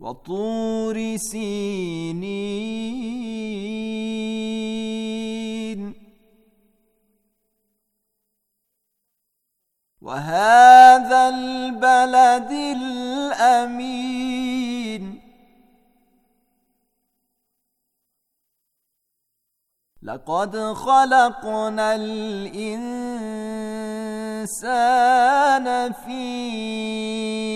وطور سينين وهذا البلد الامين لقد خلقنا الانسان فيه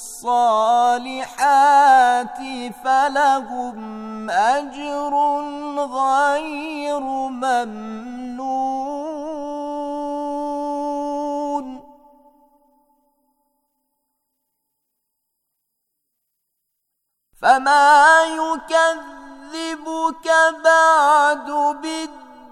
الصالحات فلهم أجر غير ممنون فما يكذبك بعد بالدين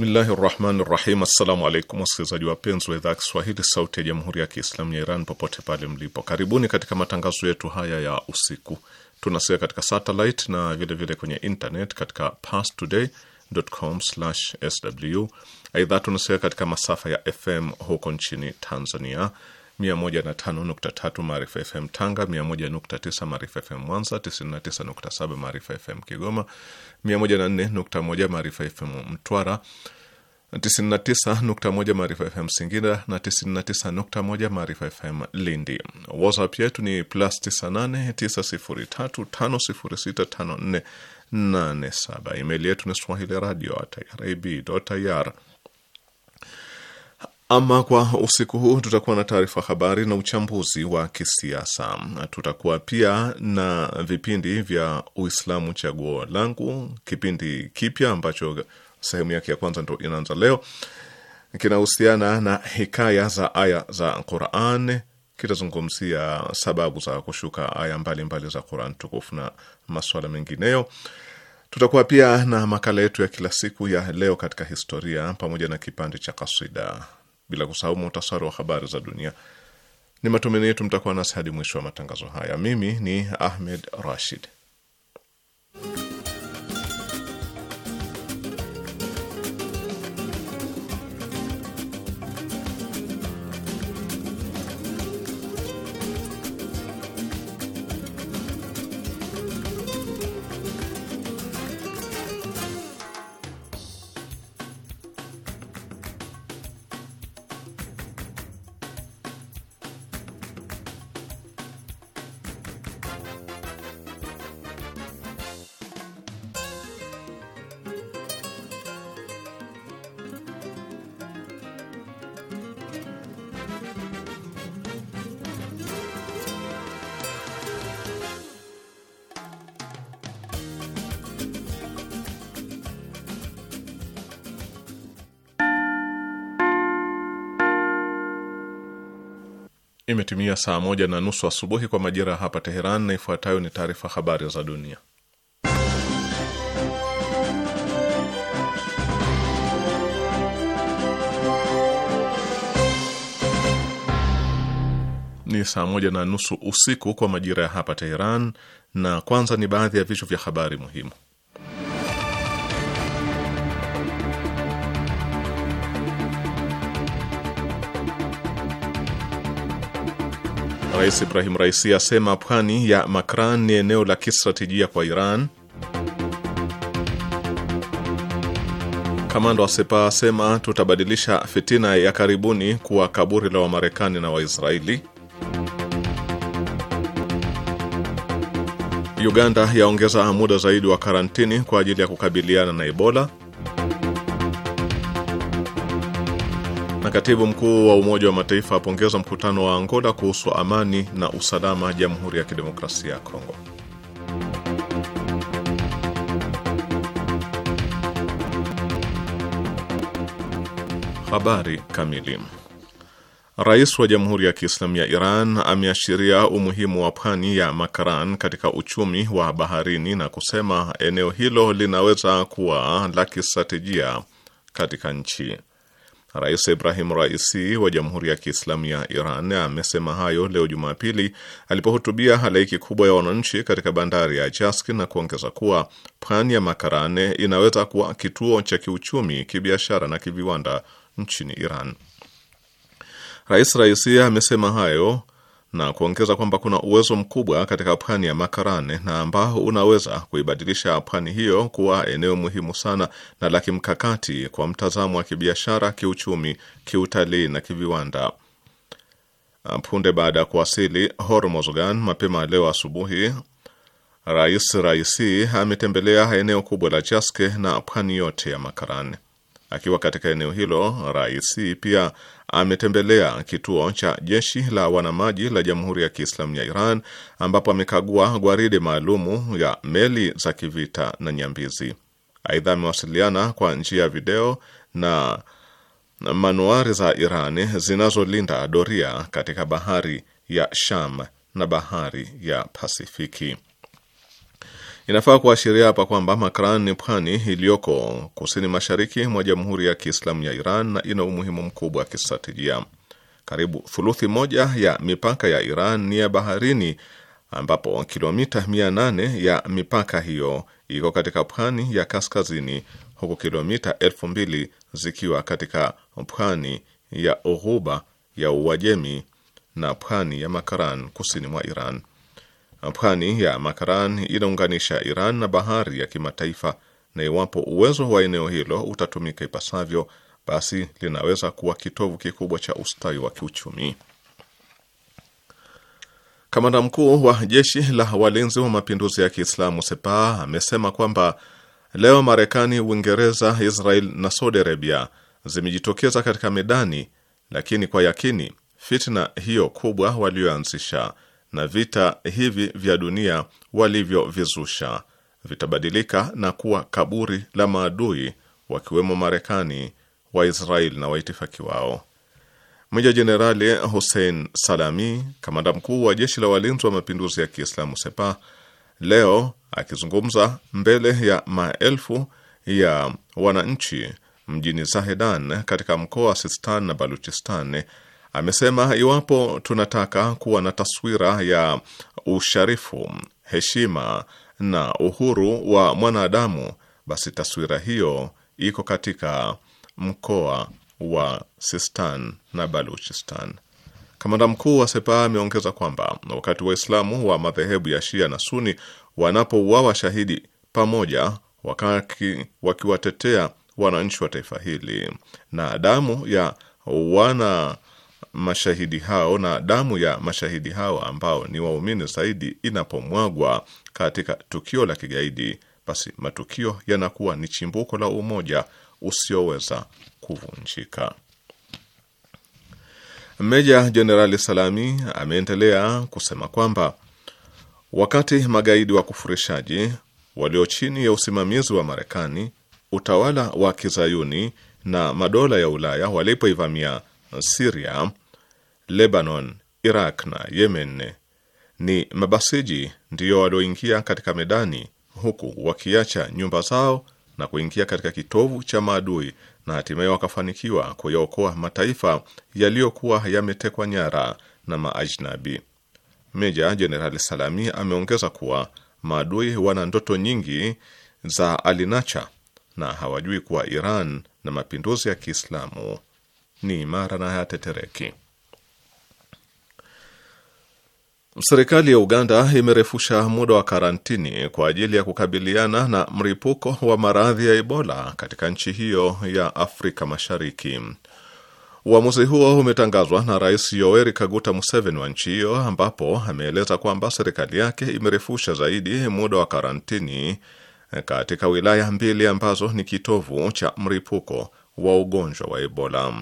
Bismillahi rahmani rahim. Assalamu alaikum wasikilizaji wapenzi wa idhaa Kiswahili sauti ya jamhuri ya Kiislamu ya Iran popote pale mlipo, karibuni katika matangazo yetu haya ya usiku. Tunasikia katika satellite na vilevile vile kwenye internet katika pastoday.com/sw. Aidha tunasikia katika masafa ya FM huko nchini Tanzania 105.3 Maarifa FM Tanga, 101.9 Maarifa FM Mwanza, 99.7 Maarifa FM Kigoma, 104.1 Maarifa FM Mtwara, 99.1 Maarifa FM Singida na 99.1 Maarifa FM Lindi. WhatsApp yetu ni plus 989035065487. Email yetu ni swahili radio at irib.ir ama kwa usiku huu tutakuwa na taarifa habari na uchambuzi wa kisiasa. Tutakuwa pia na vipindi vya Uislamu chaguo langu, kipindi kipya ambacho sehemu yake ya kwanza ndo inaanza leo, kinahusiana na hikaya za aya za Quran. Kitazungumzia sababu za kushuka aya mbalimbali mbali za Quran tukufu na masuala mengineyo. Tutakuwa pia na makala yetu ya kila siku ya leo katika historia pamoja na kipande cha kasida bila kusahau muhtasari wa habari za dunia. Ni matumaini yetu mtakuwa nasi hadi mwisho wa matangazo haya. Mimi ni Ahmed Rashid. imetimia saa moja na nusu asubuhi kwa majira ya hapa Teheran, na ifuatayo ni taarifa habari za dunia. Ni saa moja na nusu usiku kwa majira ya hapa Teheran, na kwanza ni baadhi ya vichwa vya habari muhimu. Rais Ibrahim Raisi asema pwani ya Makran ni eneo la kistratejia kwa Iran. Kamanda wa Sepa asema tutabadilisha fitina ya karibuni kuwa kaburi la Wamarekani na Waisraeli. Uganda yaongeza muda zaidi wa karantini kwa ajili ya kukabiliana na Ebola. Na katibu mkuu wa Umoja wa Mataifa apongeza mkutano wa Angola kuhusu amani na usalama Jamhuri ya Kidemokrasia ya Kongo. Habari kamili. Rais wa Jamhuri ya Kiislamu ya Iran ameashiria umuhimu wa pwani ya Makaran katika uchumi wa baharini na kusema eneo hilo linaweza kuwa la kistratejia katika nchi Rais Ibrahim Raisi wa Jamhuri ya Kiislamu ya Iran amesema hayo leo Jumapili alipohutubia halaiki kubwa ya wananchi katika bandari ya Jaski na kuongeza kuwa pwani ya Makarane inaweza kuwa kituo cha kiuchumi, kibiashara na kiviwanda nchini Iran. Rais Raisi amesema hayo na kuongeza kwamba kuna uwezo mkubwa katika pwani ya Makarane na ambao unaweza kuibadilisha pwani hiyo kuwa eneo muhimu sana na la kimkakati kwa mtazamo wa kibiashara, kiuchumi, kiutalii na kiviwanda. Ah, punde baada ya kuwasili Hormozgan mapema leo asubuhi, Rais Raisi ametembelea eneo kubwa la Jaske na pwani yote ya Makarane. Akiwa katika eneo hilo, Raisi pia ametembelea kituo cha jeshi la wanamaji la Jamhuri ya Kiislamu ya Iran ambapo amekagua gwaride maalumu ya meli za kivita na nyambizi. Aidha, amewasiliana kwa njia ya video na manuari za Iran zinazolinda doria katika bahari ya Sham na bahari ya Pasifiki. Inafaa kuashiria hapa kwamba Makran ni pwani iliyoko kusini mashariki mwa Jamhuri ya Kiislamu ya Iran na ina umuhimu mkubwa wa kistratejia. Karibu thuluthi moja ya mipaka ya Iran ni ya baharini, ambapo kilomita 800 ya mipaka hiyo iko katika pwani ya kaskazini, huku kilomita 2000 zikiwa katika pwani ya ughuba ya Uajemi na pwani ya Makran kusini mwa Iran. Pwani ya Makaran inaunganisha Iran na bahari ya kimataifa, na iwapo uwezo wa eneo hilo utatumika ipasavyo, basi linaweza kuwa kitovu kikubwa cha ustawi wa kiuchumi. Kamanda mkuu wa jeshi la walinzi wa mapinduzi ya Kiislamu Sepah amesema kwamba leo Marekani, Uingereza, Israel na Saudi Arabia zimejitokeza katika medani, lakini kwa yakini fitna hiyo kubwa walioanzisha na vita hivi vya dunia walivyovizusha vitabadilika na kuwa kaburi la maadui wakiwemo Marekani, Waisraeli na waitifaki wao. Meja Jenerali Hussein Salami, kamanda mkuu wa jeshi la walinzi wa mapinduzi ya Kiislamu sepa leo akizungumza mbele ya maelfu ya wananchi mjini Zahedan katika mkoa wa Sistan na Baluchistan Amesema iwapo tunataka kuwa na taswira ya usharifu, heshima na uhuru wa mwanadamu, basi taswira hiyo iko katika mkoa wa Sistan na Baluchistan. Kamanda mkuu wa Sepa ameongeza kwamba wakati Waislamu wa madhehebu ya Shia na Suni wanapouawa shahidi pamoja, wakaki wakiwatetea wananchi wa taifa hili na damu ya wana mashahidi hao na damu ya mashahidi hao ambao ni waumini zaidi inapomwagwa katika tukio la kigaidi, basi matukio yanakuwa ni chimbuko la umoja usioweza kuvunjika. Meja Jenerali Salami ameendelea kusema kwamba wakati magaidi wa kufurishaji walio chini ya usimamizi wa Marekani, utawala wa kizayuni na madola ya Ulaya walipoivamia Siria Lebanon, Iraq na Yemen ni mabasiji ndiyo walioingia katika medani huku wakiacha nyumba zao na kuingia katika kitovu cha maadui na hatimaye wakafanikiwa kuyaokoa mataifa yaliyokuwa yametekwa nyara na maajnabi. Meja Jenerali Salami ameongeza kuwa maadui wana ndoto nyingi za alinacha na hawajui kuwa Iran na mapinduzi ya Kiislamu ni imara na hayatetereki. Serikali ya Uganda imerefusha muda wa karantini kwa ajili ya kukabiliana na mlipuko wa maradhi ya Ebola katika nchi hiyo ya Afrika Mashariki. Uamuzi huo umetangazwa na Rais Yoweri Kaguta Museveni wa nchi hiyo, ambapo ameeleza kwamba serikali yake imerefusha zaidi muda wa karantini katika wilaya mbili ambazo ni kitovu cha mlipuko wa ugonjwa wa Ebola.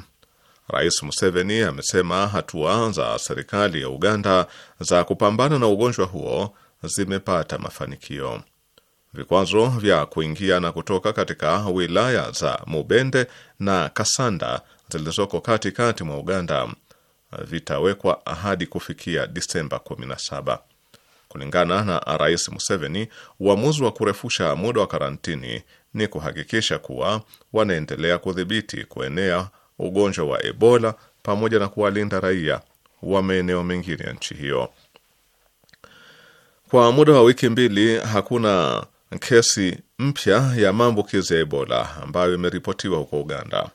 Rais Museveni amesema hatua za serikali ya Uganda za kupambana na ugonjwa huo zimepata mafanikio. Vikwazo vya kuingia na kutoka katika wilaya za Mubende na Kasanda zilizoko katikati mwa Uganda vitawekwa hadi kufikia Disemba 17. Kulingana na Rais Museveni, uamuzi wa kurefusha muda wa karantini ni kuhakikisha kuwa wanaendelea kudhibiti kuenea ugonjwa wa Ebola pamoja na kuwalinda raia wa maeneo mengine ya nchi hiyo. Kwa muda wa wiki mbili hakuna kesi mpya ya maambukizi ya Ebola ambayo imeripotiwa huko Uganda.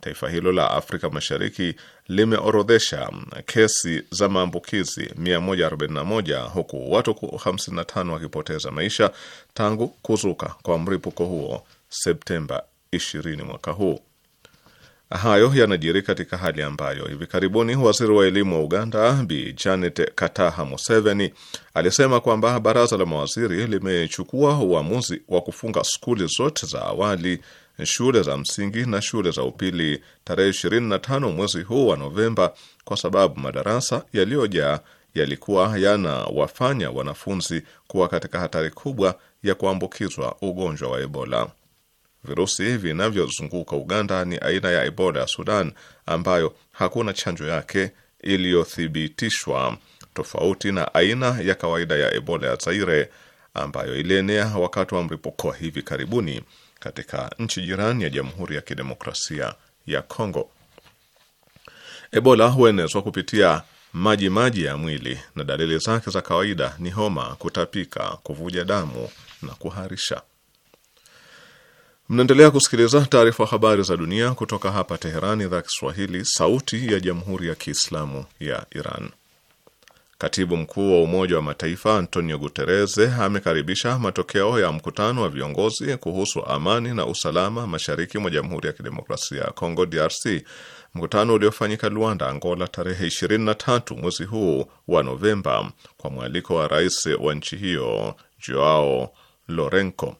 Taifa hilo la Afrika Mashariki limeorodhesha kesi za maambukizi 141 huku watu 55 wakipoteza maisha tangu kuzuka kwa mlipuko huo Septemba 20 mwaka huu. Hayo yanajiri katika hali ambayo hivi karibuni waziri wa elimu wa Uganda Bi Janet Kataha Museveni alisema kwamba baraza la mawaziri limechukua uamuzi wa kufunga skuli zote za awali, shule za msingi na shule za upili tarehe 25 mwezi huu wa Novemba kwa sababu madarasa yaliyojaa yalikuwa yanawafanya wanafunzi kuwa katika hatari kubwa ya kuambukizwa ugonjwa wa Ebola. Virusi hivi vinavyozunguka Uganda ni aina ya Ebola ya Sudan ambayo hakuna chanjo yake iliyothibitishwa, tofauti na aina ya kawaida ya Ebola ya Zaire ambayo ilienea wakati wa mlipuko wa hivi karibuni katika nchi jirani ya Jamhuri ya Kidemokrasia ya Kongo. Ebola huenezwa kupitia maji maji ya mwili na dalili zake za kawaida ni homa, kutapika, kuvuja damu na kuharisha. Mnaendelea kusikiliza taarifa habari za dunia kutoka hapa Teherani, idhaa Kiswahili, sauti ya jamhuri ya kiislamu ya Iran. Katibu mkuu wa Umoja wa Mataifa Antonio Guterres amekaribisha matokeo ya mkutano wa viongozi kuhusu amani na usalama mashariki mwa Jamhuri ya Kidemokrasia ya Kongo, DRC, mkutano uliofanyika Luanda, Angola, tarehe 23 mwezi huu wa Novemba, kwa mwaliko wa rais wa nchi hiyo Joao Lourenco.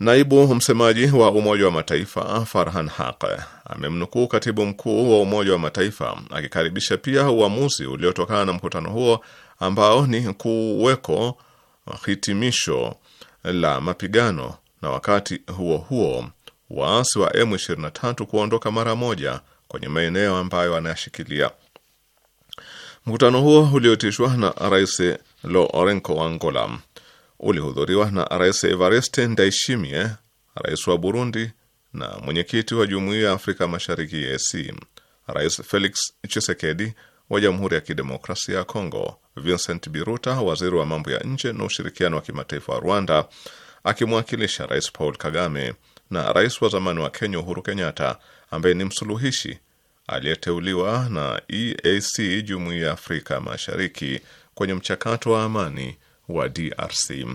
Naibu msemaji wa Umoja wa Mataifa Farhan Haq amemnukuu katibu mkuu wa Umoja wa Mataifa akikaribisha pia uamuzi uliotokana na mkutano huo ambao ni kuweko hitimisho la mapigano na wakati huo huo waasi wa M23 kuondoka mara moja kwenye maeneo ambayo anayashikilia. Mkutano huo ulioitishwa na Rais Lourenco wa Angola ulihudhuriwa na Rais Evariste Ndayishimiye, rais wa Burundi na mwenyekiti wa Jumuiya ya Afrika Mashariki EAC, Rais Felix Tshisekedi wa Jamhuri ya Kidemokrasia ya Kongo, Vincent Biruta, waziri wa mambo ya nje na ushirikiano wa kimataifa wa Rwanda, akimwakilisha Rais Paul Kagame na rais wa zamani wa Kenya Uhuru Kenyatta, ambaye ni msuluhishi aliyeteuliwa na EAC, Jumuiya ya Afrika Mashariki, kwenye mchakato wa amani wa DRC.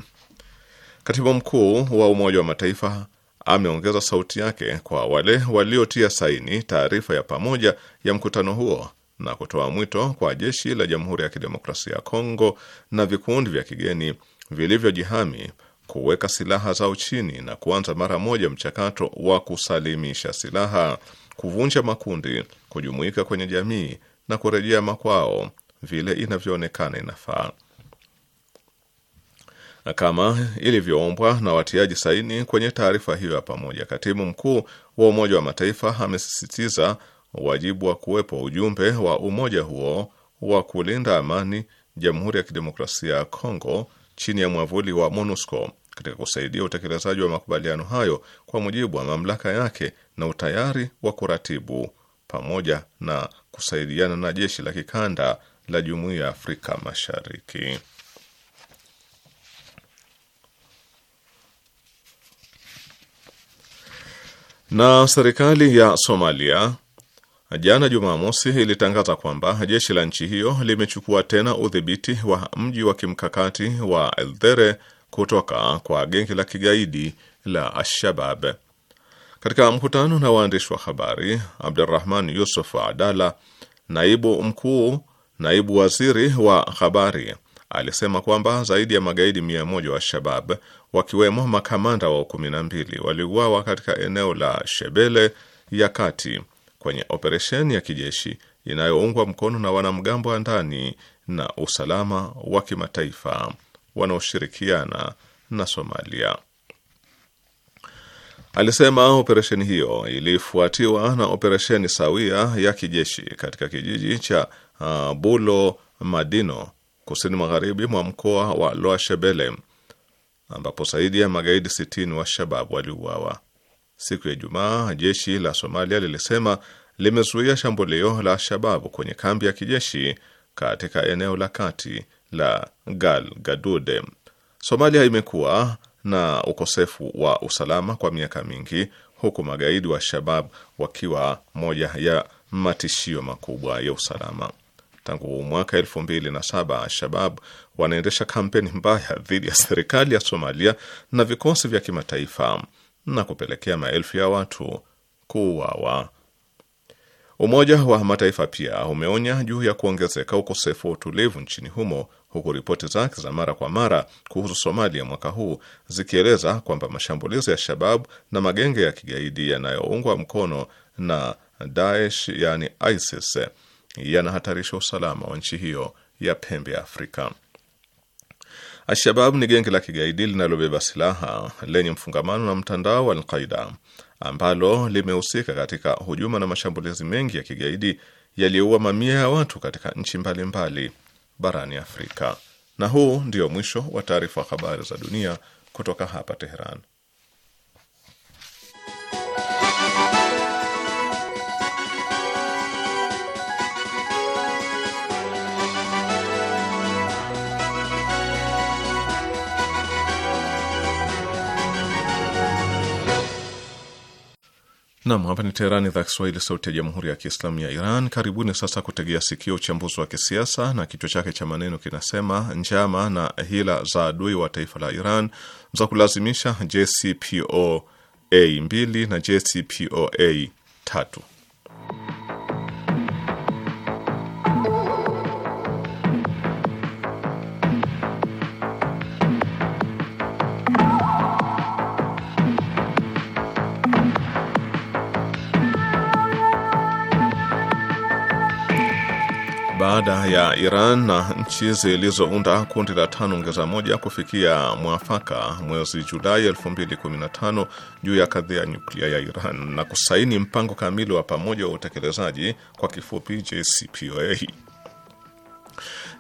Katibu mkuu wa Umoja wa Mataifa ameongeza sauti yake kwa wale waliotia saini taarifa ya pamoja ya mkutano huo na kutoa mwito kwa jeshi la Jamhuri ya Kidemokrasia ya Kongo na vikundi vya kigeni vilivyojihami kuweka silaha zao chini na kuanza mara moja mchakato wa kusalimisha silaha, kuvunja makundi, kujumuika kwenye jamii na kurejea makwao vile inavyoonekana inafaa kama ilivyoombwa na watiaji saini kwenye taarifa hiyo ya pamoja. Katibu mkuu wa Umoja wa Mataifa amesisitiza wajibu wa kuwepo ujumbe wa umoja huo wa kulinda amani Jamhuri ya Kidemokrasia ya Kongo chini ya mwavuli wa MONUSCO katika kusaidia utekelezaji wa makubaliano hayo kwa mujibu wa mamlaka yake na utayari wa kuratibu pamoja na kusaidiana na jeshi la kikanda la Jumuiya ya Afrika Mashariki. Na serikali ya Somalia jana Jumamosi ilitangaza kwamba jeshi la nchi hiyo limechukua tena udhibiti wa mji wa kimkakati wa Eldhere kutoka kwa genge la kigaidi la Alshabab. Katika mkutano na waandishi wa habari, Abdurrahman Yusuf Adala, naibu mkuu naibu waziri wa habari alisema kwamba zaidi ya magaidi mia moja wa Shabab wakiwemo makamanda wa kumi na mbili waliuawa katika eneo la Shebele ya kati kwenye operesheni ya kijeshi inayoungwa mkono na wanamgambo wa ndani na usalama wa kimataifa wanaoshirikiana na Somalia. Alisema operesheni hiyo ilifuatiwa na operesheni sawia ya kijeshi katika kijiji cha uh, Bulo Madino kusini magharibi mwa mkoa wa Loa Shebele ambapo zaidi ya magaidi 60 wa Shabab waliuawa. Siku ya Ijumaa, jeshi la Somalia lilisema limezuia shambulio la Shabab kwenye kambi ya kijeshi katika eneo la kati la Gal Gadude. Somalia imekuwa na ukosefu wa usalama kwa miaka mingi huku magaidi wa Shabab wakiwa moja ya matishio makubwa ya usalama. Tangu mwaka elfu mbili na saba Al-Shabab wanaendesha kampeni mbaya dhidi ya serikali ya Somalia na vikosi vya kimataifa na kupelekea maelfu ya watu kuuawa. Umoja wa Mataifa pia umeonya juu ya kuongezeka ukosefu wa utulivu nchini humo huku ripoti zake za mara kwa mara kuhusu Somalia mwaka huu zikieleza kwamba mashambulizi ya Shababu na magenge ya kigaidi yanayoungwa mkono na Daesh yani ISIS yanahatarisha usalama wa nchi hiyo ya pembe ya Afrika. Alshabab ni genge la kigaidi linalobeba silaha lenye mfungamano na mtandao wa Alqaida ambalo limehusika katika hujuma na mashambulizi mengi ya kigaidi yaliyoua mamia ya watu katika nchi mbalimbali mbali barani Afrika. Na huu ndio mwisho wa taarifa wa habari za dunia kutoka hapa Teheran. Nam, hapa ni Teherani, idhaa Kiswahili, sauti ya jamhuri ya kiislamu ya Iran. Karibuni sasa kutegea sikio uchambuzi wa kisiasa na kichwa chake cha maneno kinasema njama na hila za adui wa taifa la Iran za kulazimisha JCPOA 2 na JCPOA 3. baada ya Iran na nchi zilizounda kundi la tano ongeza moja kufikia mwafaka mwezi Julai 2015 juu ya kadhia ya nyuklia ya Iran na kusaini mpango kamili wa pamoja wa utekelezaji, kwa kifupi JCPOA.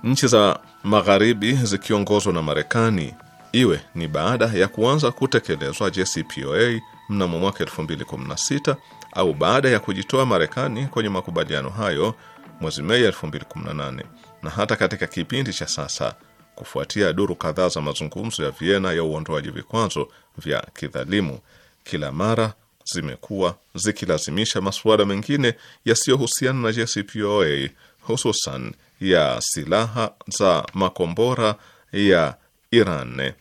Nchi za Magharibi zikiongozwa na Marekani, iwe ni baada ya kuanza kutekelezwa JCPOA mnamo mwaka 2016 au baada ya kujitoa Marekani kwenye makubaliano hayo mwezi Mei 2018 na hata katika kipindi cha sasa kufuatia duru kadhaa za mazungumzo ya Vienna ya uondoaji vikwazo vya kidhalimu, kila mara zimekuwa zikilazimisha masuala mengine yasiyohusiana na JCPOA, hususan ya silaha za makombora ya Iran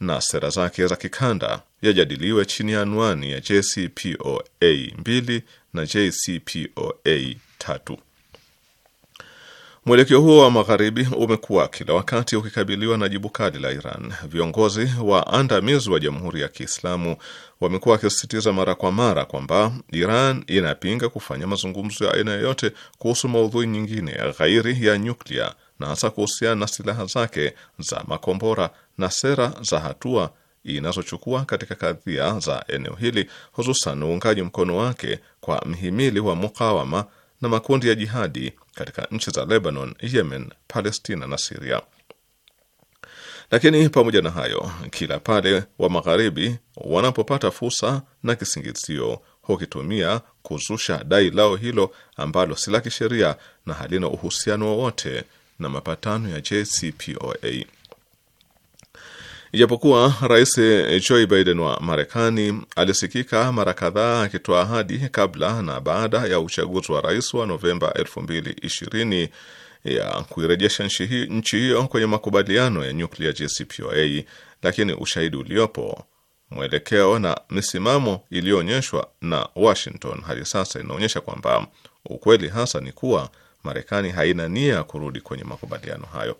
na sera zake za kikanda yajadiliwe chini ya anwani ya JCPOA 2 na JCPOA tatu. Mwelekeo huo wa magharibi umekuwa kila wakati ukikabiliwa na jibu kali la Iran. Viongozi wa andamizi wa Jamhuri ya Kiislamu wamekuwa wakisisitiza mara kwa mara kwamba Iran inapinga kufanya mazungumzo ya aina yoyote kuhusu maudhui nyingine ghairi ya nyuklia na hasa kuhusiana na silaha zake za makombora na sera za hatua inazochukua katika kadhia za eneo hili, hususan uungaji mkono wake kwa mhimili wa mukawama na makundi ya jihadi katika nchi za Lebanon, Yemen, Palestina na Siria. Lakini pamoja na hayo, kila pale wa magharibi wanapopata fursa na kisingizio hukitumia kuzusha dai lao hilo ambalo si la kisheria na halina uhusiano wowote na mapatano ya JCPOA. Ijapokuwa Rais eh, Joe Biden wa Marekani alisikika mara kadhaa akitoa ahadi kabla na baada ya uchaguzi wa rais wa Novemba 2020 ya kuirejesha nchi hiyo kwenye makubaliano ya nyuklia JCPOA, lakini ushahidi uliopo, mwelekeo na misimamo iliyoonyeshwa na Washington hadi sasa inaonyesha kwamba ukweli hasa ni kuwa Marekani haina nia ya kurudi kwenye makubaliano hayo.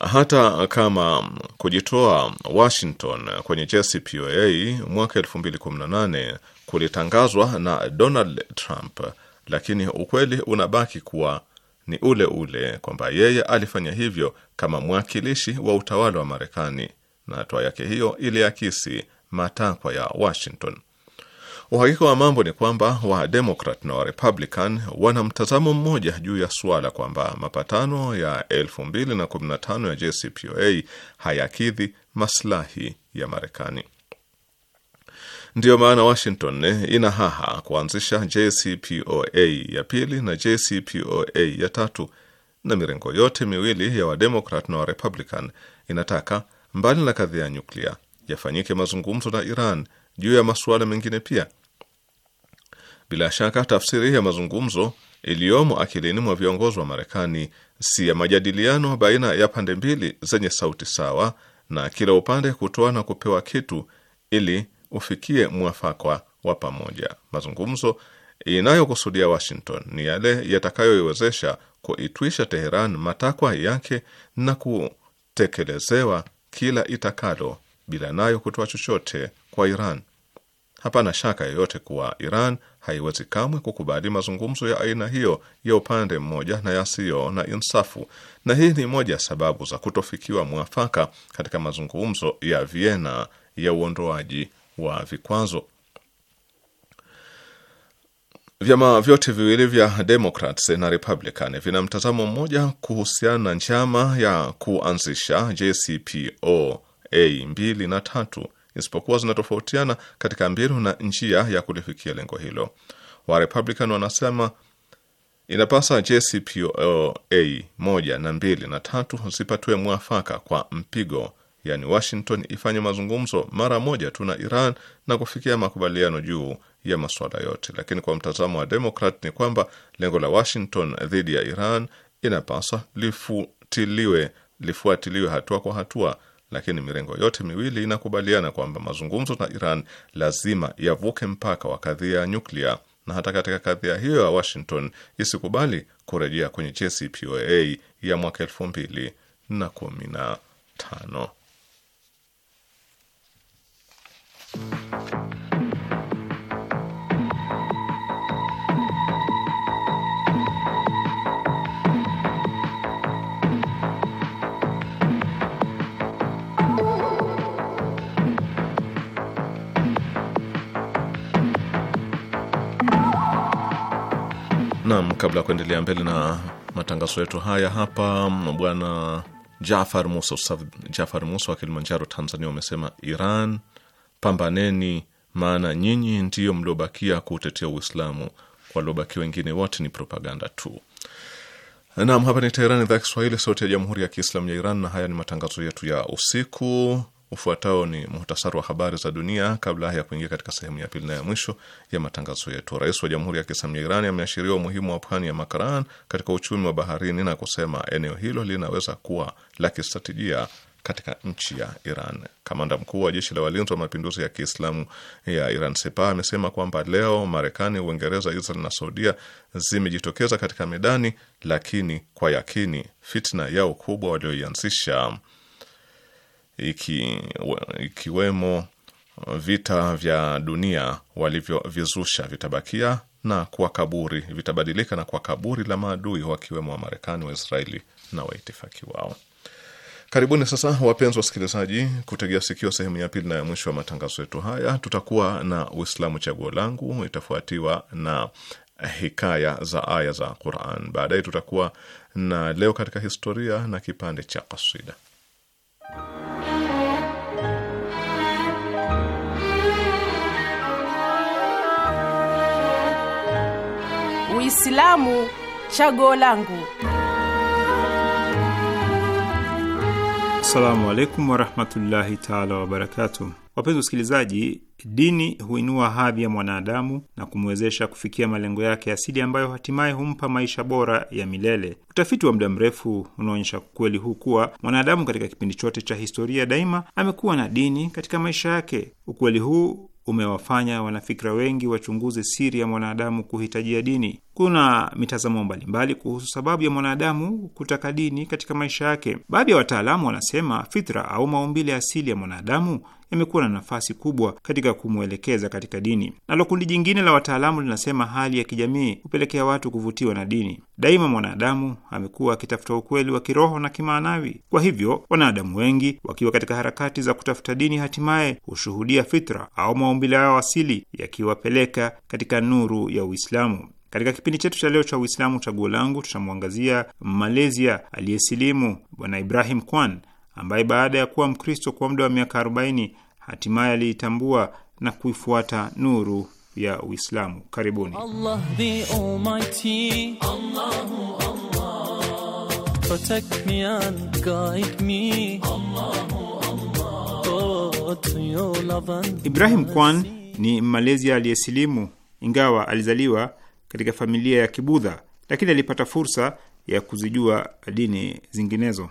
Hata kama kujitoa Washington kwenye JCPOA mwaka 2018 kulitangazwa na Donald Trump, lakini ukweli unabaki kuwa ni ule ule kwamba yeye alifanya hivyo kama mwakilishi wa utawala wa Marekani, na hatua yake hiyo iliakisi matakwa ya Washington. Uhakika wa mambo ni kwamba Wademokrat na Warepublican wana mtazamo mmoja juu ya suala kwamba mapatano ya 2015 ya JCPOA hayakidhi maslahi ya Marekani. Ndiyo maana Washington ina haha kuanzisha JCPOA ya pili na JCPOA ya tatu, na mirengo yote miwili ya Wademokrat na Warepublican inataka mbali na kadhia ya nyuklia, yafanyike mazungumzo na Iran juu ya masuala mengine pia. Bila shaka tafsiri ya mazungumzo iliyomo akilini mwa viongozi wa Marekani si ya majadiliano baina ya pande mbili zenye sauti sawa na kila upande kutoa na kupewa kitu ili ufikie mwafaka wa pamoja. Mazungumzo inayokusudia Washington ni yale yatakayoiwezesha kuitwisha Teheran matakwa yake na kutekelezewa kila itakalo bila nayo kutoa chochote kwa Iran. Hapana shaka yoyote kuwa Iran haiwezi kamwe kukubali mazungumzo ya aina hiyo ya upande mmoja na yasiyo na insafu, na hii ni moja ya sababu za kutofikiwa mwafaka katika mazungumzo ya Vienna ya uondoaji wa vikwazo. Vyama vyote viwili vya Democrats na Republican vina mtazamo mmoja kuhusiana na njama ya kuanzisha JCPO a mbili na tatu isipokuwa zinatofautiana katika mbinu na njia ya kulifikia lengo hilo. Wa Republican wanasema inapasa JCPOA moja na mbili na tatu zipatiwe mwafaka kwa mpigo, yani Washington ifanye mazungumzo mara moja tu na Iran na kufikia makubaliano juu ya masuala yote. Lakini kwa mtazamo wa Demokrat ni kwamba lengo la Washington dhidi ya Iran inapaswa lifutiliwe lifuatiliwe hatua kwa hatua lakini mirengo yote miwili inakubaliana kwamba mazungumzo na Iran lazima yavuke mpaka wa kadhia ya nyuklia, na hata katika kadhia hiyo ya Washington isikubali kurejea kwenye JCPOA ya mwaka elfu mbili na kumi na tano. Naam, kabla ya kuendelea mbele na matangazo yetu haya, hapa bwana Jafar Musa, Jafar Musa wa Kilimanjaro, Tanzania, wamesema Iran pambaneni, maana nyinyi ndiyo mliobakia kuutetea Uislamu, waliobakia wengine wote ni propaganda tu. Naam, hapa ni Teherani, idhaa Kiswahili, sauti ya jamhuri ya kiislamu ya Iran, na haya ni matangazo yetu ya usiku Ufuatao ni muhtasari wa habari za dunia kabla ya kuingia katika sehemu ya pili na ya mwisho ya matangazo yetu. Rais wa Jamhuri ya Kiislamu ya Iran ameashiria umuhimu wa pwani ya Makaran katika uchumi wa baharini na kusema eneo hilo linaweza kuwa la kistratejia katika nchi ya Iran. Kamanda mkuu wa jeshi la walinzi wa mapinduzi ya Kiislamu ya Iran Sepah amesema kwamba leo Marekani, Uingereza, Israel na Saudia zimejitokeza katika medani, lakini kwa yakini fitna yao kubwa walioianzisha iki, ikiwemo vita vya dunia walivyovizusha vitabakia na kuwa kaburi, vitabadilika na kuwa kaburi la maadui wakiwemo Marekani, Waisraeli na waitifaki wao. Karibuni sasa wapenzi wasikilizaji, kutegea sikio sehemu ya pili na ya mwisho ya matangazo yetu haya. Tutakuwa na Uislamu chaguo langu, itafuatiwa na hikaya za aya za Quran. Baadaye tutakuwa na leo katika historia na kipande cha kasida. Uislamu chaguo langu. Assalamu alaikum warahmatullahi taala wabarakatu. Wapenzi wasikilizaji, dini huinua hadhi ya mwanadamu na kumwezesha kufikia malengo yake asili ambayo hatimaye humpa maisha bora ya milele. Utafiti wa muda mrefu unaonyesha ukweli huu kuwa mwanadamu katika kipindi chote cha historia daima amekuwa na dini katika maisha yake. Ukweli huu umewafanya wanafikra wengi wachunguze siri ya mwanadamu kuhitajia dini. Kuna mitazamo mbalimbali kuhusu sababu ya mwanadamu kutaka dini katika maisha yake. Baadhi ya wataalamu wanasema fitra au maumbile asili ya mwanadamu yamekuwa na nafasi kubwa katika kumwelekeza katika dini. Nalo kundi jingine la wataalamu linasema hali ya kijamii hupelekea watu kuvutiwa na dini. Daima mwanadamu amekuwa akitafuta ukweli wa kiroho na kimaanawi. Kwa hivyo, wanadamu wengi wakiwa katika harakati za kutafuta dini, hatimaye hushuhudia fitra au maumbile yao asili yakiwapeleka katika nuru ya Uislamu. Katika kipindi chetu cha leo cha Uislamu Chaguo Langu, tutamwangazia Malaysia aliyesilimu Bwana Ibrahim Kwan ambaye baada ya kuwa Mkristo kwa muda wa miaka 40 hatimaye aliitambua na kuifuata nuru ya Uislamu. Karibuni. Allah the Almighty, Allahu Allah, protect me and guide me, Allahu Allah, oh, to your love and... Ibrahim Kwan ni Malaysia aliyesilimu, ingawa alizaliwa katika familia ya Kibudha, lakini alipata fursa ya kuzijua dini zinginezo.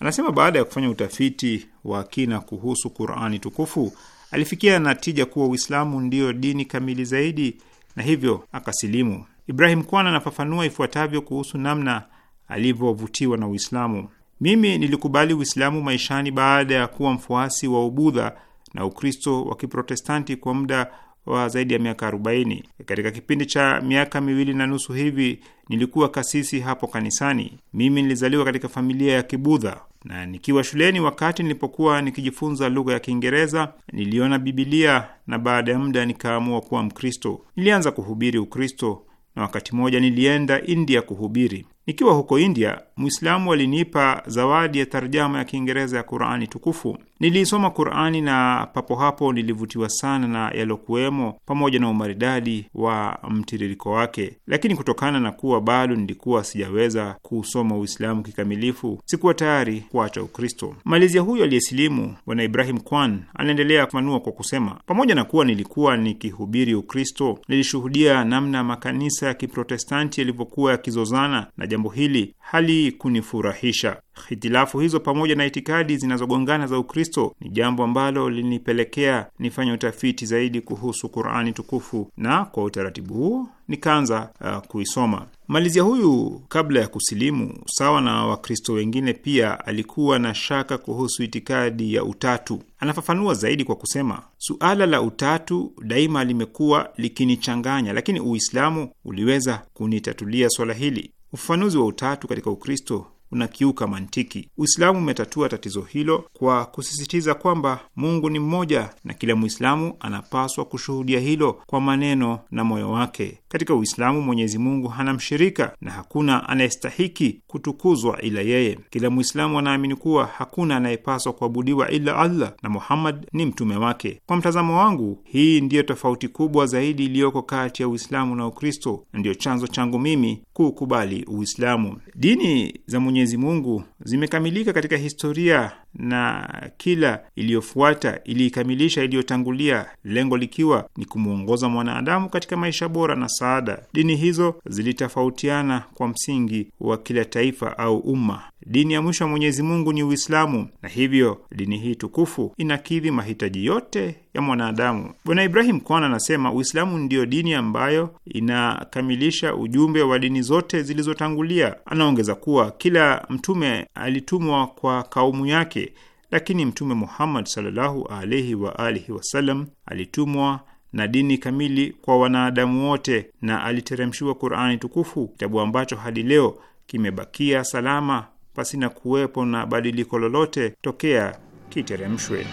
Anasema baada ya kufanya utafiti wa kina kuhusu Qurani tukufu alifikia natija kuwa Uislamu ndiyo dini kamili zaidi na hivyo akasilimu. Ibrahim Kwan anafafanua ifuatavyo kuhusu namna alivyovutiwa na Uislamu. Mimi nilikubali Uislamu maishani baada ya kuwa mfuasi wa Ubudha na Ukristo wa Kiprotestanti kwa muda wa zaidi ya miaka 40. Katika kipindi cha miaka miwili na nusu hivi nilikuwa kasisi hapo kanisani. Mimi nilizaliwa katika familia ya Kibudha na nikiwa shuleni, wakati nilipokuwa nikijifunza lugha ya Kiingereza, niliona Bibilia na baada ya muda nikaamua kuwa Mkristo. Nilianza kuhubiri Ukristo na wakati mmoja nilienda India kuhubiri. Nikiwa huko India, Mwislamu alinipa zawadi ya tarjama ya Kiingereza ya Qurani tukufu. Niliisoma Qurani na papo hapo nilivutiwa sana na yalokuwemo, pamoja na umaridadi wa mtiririko wake. Lakini kutokana na kuwa bado nilikuwa sijaweza kuusoma Uislamu kikamilifu, sikuwa tayari kuacha Ukristo. Malizia huyo aliyesilimu, Bwana Ibrahim Kwan, anaendelea kufanua kwa kusema, pamoja na kuwa nilikuwa nikihubiri Ukristo, nilishuhudia namna makanisa ya Kiprotestanti yalivyokuwa yakizozana na jambo hili kunifurahisha. Hitilafu hizo pamoja na itikadi zinazogongana za Ukristo ni jambo ambalo linipelekea nifanye utafiti zaidi kuhusu Qurani tukufu na kwa utaratibu huo nikaanza uh, kuisoma. Malizia huyu kabla ya kusilimu, sawa na Wakristo wengine, pia alikuwa na shaka kuhusu itikadi ya utatu. Anafafanua zaidi kwa kusema, suala la utatu daima limekuwa likinichanganya, lakini Uislamu uliweza kunitatulia swala hili. Ufafanuzi wa Utatu katika Ukristo unakiuka mantiki. Uislamu umetatua tatizo hilo kwa kusisitiza kwamba Mungu ni mmoja na kila Mwislamu anapaswa kushuhudia hilo kwa maneno na moyo wake. Katika Uislamu, Mwenyezi Mungu hana mshirika na hakuna anayestahiki kutukuzwa ila yeye. Kila Mwislamu anaamini kuwa hakuna anayepaswa kuabudiwa ila Allah na Muhammad ni mtume wake. Kwa mtazamo wangu, hii ndiyo tofauti kubwa zaidi iliyoko kati ya Uislamu na Ukristo na ndiyo chanzo changu mimi kukubali Uislamu. Dini za Mwenyezi Mungu zimekamilika katika historia na kila iliyofuata iliikamilisha iliyotangulia, lengo likiwa ni kumwongoza mwanadamu katika maisha bora na saada. Dini hizo zilitofautiana kwa msingi wa kila taifa au umma. Dini ya mwisho wa Mwenyezi Mungu ni Uislamu, na hivyo dini hii tukufu inakidhi mahitaji yote ya mwanadamu. Bwana Ibrahim Kwan anasema Uislamu ndiyo dini ambayo inakamilisha ujumbe wa dini zote zilizotangulia. Anaongeza kuwa kila mtume alitumwa kwa kaumu yake, lakini Mtume Muhammad sallallahu alaihi wa alihi wasallam alitumwa na dini kamili kwa wanadamu wote na aliteremshiwa Qurani tukufu, kitabu ambacho hadi leo kimebakia salama pasi na kuwepo na badiliko lolote tokea kiteremshwe.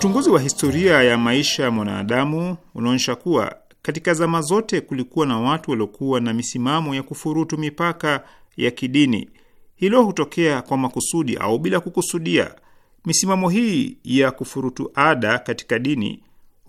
Uchunguzi wa historia ya maisha ya mwanadamu unaonyesha kuwa katika zama zote kulikuwa na watu waliokuwa na misimamo ya kufurutu mipaka ya kidini. Hilo hutokea kwa makusudi au bila kukusudia. Misimamo hii ya kufurutu ada katika dini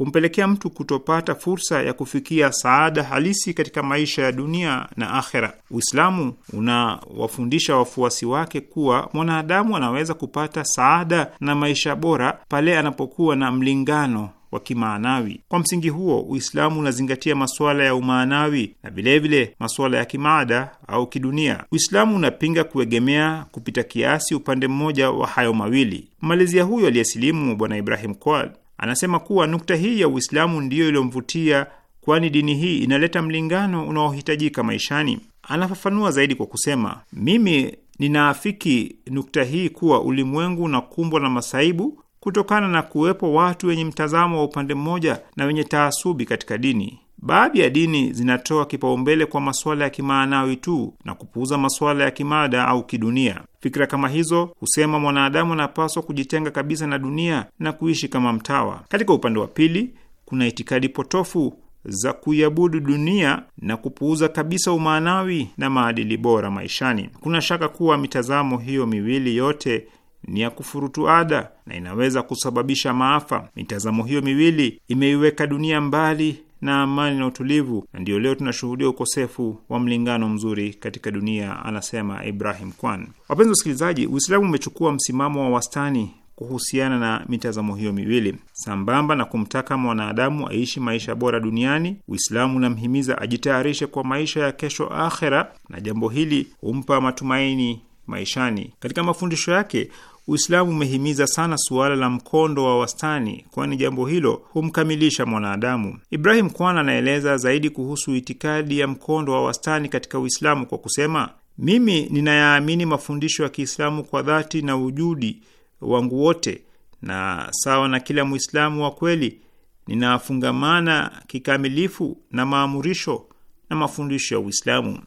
humpelekea mtu kutopata fursa ya kufikia saada halisi katika maisha ya dunia na akhera. Uislamu unawafundisha wafuasi wake kuwa mwanadamu anaweza kupata saada na maisha bora pale anapokuwa na mlingano wa kimaanawi. Kwa msingi huo, Uislamu unazingatia masuala ya umaanawi na vilevile masuala ya kimaada au kidunia. Uislamu unapinga kuegemea kupita kiasi upande mmoja wa hayo mawili. Malezia huyo aliyesilimu Bwana Ibrahim Kwal Anasema kuwa nukta hii ya Uislamu ndiyo iliyomvutia, kwani dini hii inaleta mlingano unaohitajika maishani. Anafafanua zaidi kwa kusema, mimi ninaafiki nukta hii kuwa ulimwengu unakumbwa na masaibu kutokana na kuwepo watu wenye mtazamo wa upande mmoja na wenye taasubi katika dini. Baadhi ya dini zinatoa kipaumbele kwa masuala ya kimaanawi tu na kupuuza masuala ya kimada au kidunia. fikira kama hizo husema mwanadamu anapaswa kujitenga kabisa na dunia na kuishi kama mtawa. Katika upande wa pili, kuna itikadi potofu za kuiabudu dunia na kupuuza kabisa umaanawi na maadili bora maishani. Kuna shaka kuwa mitazamo hiyo miwili yote ni ya kufurutu ada na inaweza kusababisha maafa. Mitazamo hiyo miwili imeiweka dunia mbali na amani na utulivu, na ndiyo leo tunashuhudia ukosefu wa mlingano mzuri katika dunia, anasema Ibrahim Kwan. Wapenzi wasikilizaji, Uislamu umechukua msimamo wa wastani kuhusiana na mitazamo hiyo miwili. Sambamba na kumtaka mwanadamu aishi maisha bora duniani, Uislamu unamhimiza ajitayarishe kwa maisha ya kesho akhera, na jambo hili humpa matumaini maishani. Katika mafundisho yake Uislamu umehimiza sana suala la mkondo wa wastani, kwani jambo hilo humkamilisha mwanadamu. Ibrahim Kwan anaeleza zaidi kuhusu itikadi ya mkondo wa wastani katika Uislamu kwa kusema, mimi ninayaamini mafundisho ya Kiislamu kwa dhati na ujudi wangu wote, na sawa na kila Mwislamu wa kweli ninafungamana kikamilifu na maamurisho na mafundisho ya Uislamu.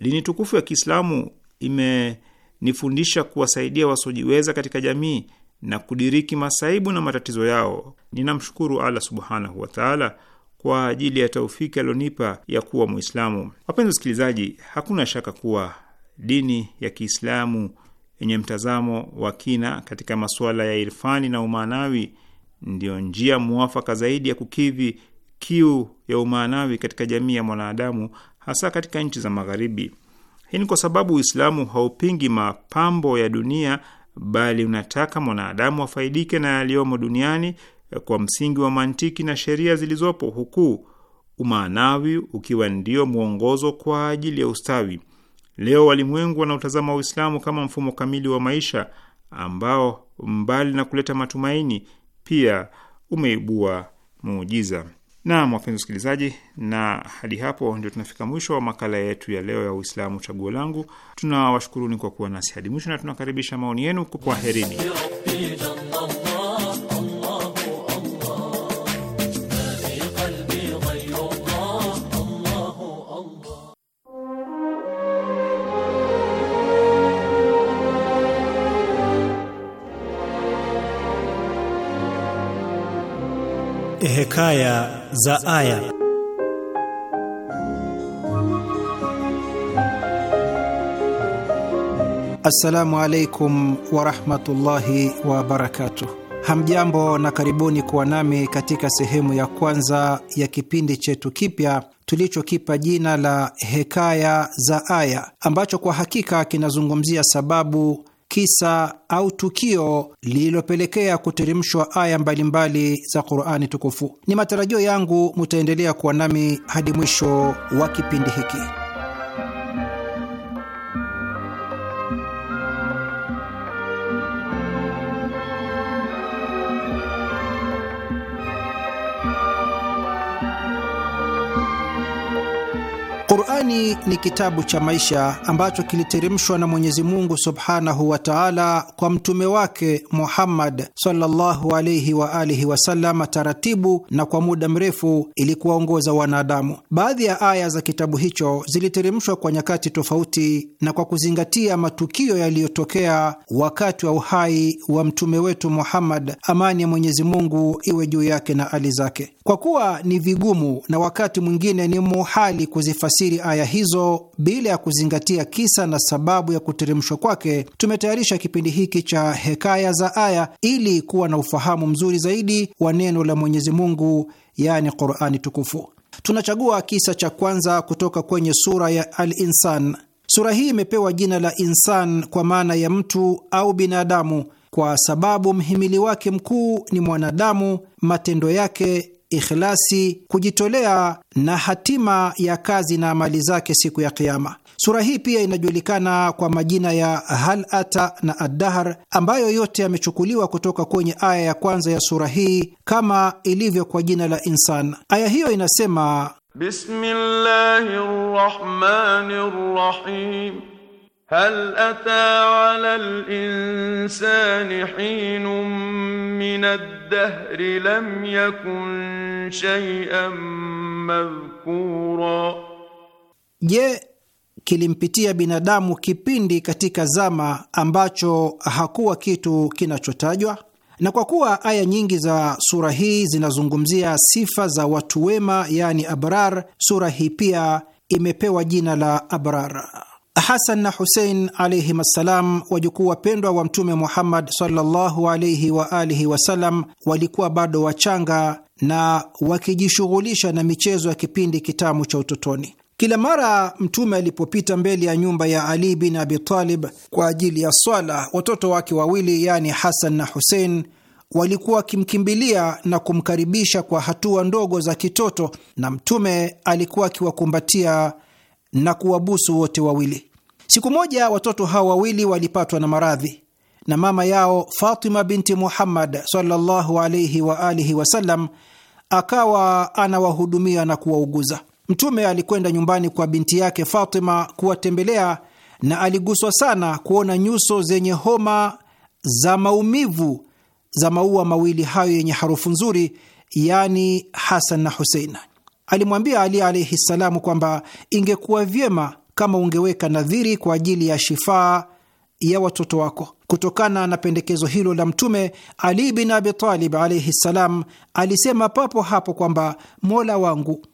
Dini tukufu ya Kiislamu ime nifundisha kuwasaidia wasiojiweza katika jamii na kudiriki masaibu na matatizo yao. Ninamshukuru Allah subhanahu wataala kwa ajili ya taufiki alionipa ya kuwa mwislamu Wapenzi wasikilizaji, hakuna shaka kuwa dini ya Kiislamu yenye mtazamo wa kina katika masuala ya irfani na umaanawi ndiyo njia mwafaka zaidi ya kukidhi kiu ya umaanawi katika jamii ya mwanadamu, hasa katika nchi za Magharibi. Hii ni kwa sababu Uislamu haupingi mapambo ya dunia, bali unataka mwanadamu afaidike na yaliyomo duniani kwa msingi wa mantiki na sheria zilizopo, huku umaanawi ukiwa ndio mwongozo kwa ajili ya ustawi. Leo walimwengu wanaotazama Uislamu kama mfumo kamili wa maisha ambao mbali na kuleta matumaini pia umeibua muujiza. Naam, wapenzi wasikilizaji, na hadi hapo ndio tunafika mwisho wa makala yetu ya leo ya Uislamu Chaguo Langu. Tunawashukuruni kwa kuwa nasi hadi mwisho na tunakaribisha maoni yenu. Kwaherini. Hekaya za aya. Assalamu alaikum warahmatullahi wabarakatuh. Hamjambo na karibuni kuwa nami katika sehemu ya kwanza ya kipindi chetu kipya tulichokipa jina la Hekaya za Aya, ambacho kwa hakika kinazungumzia sababu kisa au tukio lililopelekea kuteremshwa aya mbalimbali za Qurani tukufu. Ni matarajio yangu mutaendelea kuwa nami hadi mwisho wa kipindi hiki. Qurani ni kitabu cha maisha ambacho kiliteremshwa na Mwenyezi Mungu subhanahu wa taala kwa mtume wake Muhammad sallallahu alaihi wa alihi wasallam taratibu na kwa muda mrefu ili kuwaongoza wanadamu. Baadhi ya aya za kitabu hicho ziliteremshwa kwa nyakati tofauti na kwa kuzingatia matukio yaliyotokea wakati wa uhai wa mtume wetu Muhammad, amani ya Mwenyezi Mungu iwe juu yake na ali zake. Kwa kuwa ni vigumu na wakati mwingine ni muhali kuzifasiri aya hizo bila ya kuzingatia kisa na sababu ya kuteremshwa kwake, tumetayarisha kipindi hiki cha hekaya za aya ili kuwa na ufahamu mzuri zaidi wa neno la Mwenyezi Mungu, yani Qurani Tukufu. Tunachagua kisa cha kwanza kutoka kwenye sura ya Al-Insan. Sura hii imepewa jina la Insan kwa maana ya mtu au binadamu, kwa sababu mhimili wake mkuu ni mwanadamu, matendo yake ikhlasi, kujitolea na hatima ya kazi na amali zake siku ya Kiama. Sura hii pia inajulikana kwa majina ya Hal Ata na Addahar, ambayo yote yamechukuliwa kutoka kwenye aya ya kwanza ya sura hii kama ilivyo kwa jina la insan. Aya hiyo inasema rahim هل أتى على الإنسان حين من الدهر لم يكن شيئا مذكورا Je, kilimpitia binadamu kipindi katika zama ambacho hakuwa kitu kinachotajwa? Na kwa kuwa aya nyingi za sura hii zinazungumzia sifa za watu wema, yaani abrar, sura hii pia imepewa jina la Abrar. Hasan na Husein alaihim assalam, wajukuu wapendwa wa Mtume Muhammad sallallahu alaihi wa alihi walikuwa bado wachanga na wakijishughulisha na michezo ya kipindi kitamu cha utotoni. Kila mara Mtume alipopita mbele ya nyumba ya Ali bin Abi Talib kwa ajili ya swala, watoto wake wawili, yaani Hasan na Husein, walikuwa wakimkimbilia na kumkaribisha kwa hatua ndogo za kitoto, na Mtume alikuwa akiwakumbatia na kuwabusu wote wawili. Siku moja watoto hawa wawili walipatwa na maradhi, na mama yao Fatima binti Muhammad sallallahu wa alihi wasallam akawa anawahudumia na kuwauguza. Mtume alikwenda nyumbani kwa binti yake Fatima kuwatembelea, na aliguswa sana kuona nyuso zenye homa za maumivu za maua mawili hayo yenye harufu nzuri, yani Hasan na Husein alimwambia Ali alaihi ssalamu kwamba ingekuwa vyema kama ungeweka nadhiri kwa ajili ya shifaa ya watoto wako. Kutokana na pendekezo hilo la Mtume, Ali bin Abi Talib alaihi ssalam alisema papo hapo kwamba mola wangu,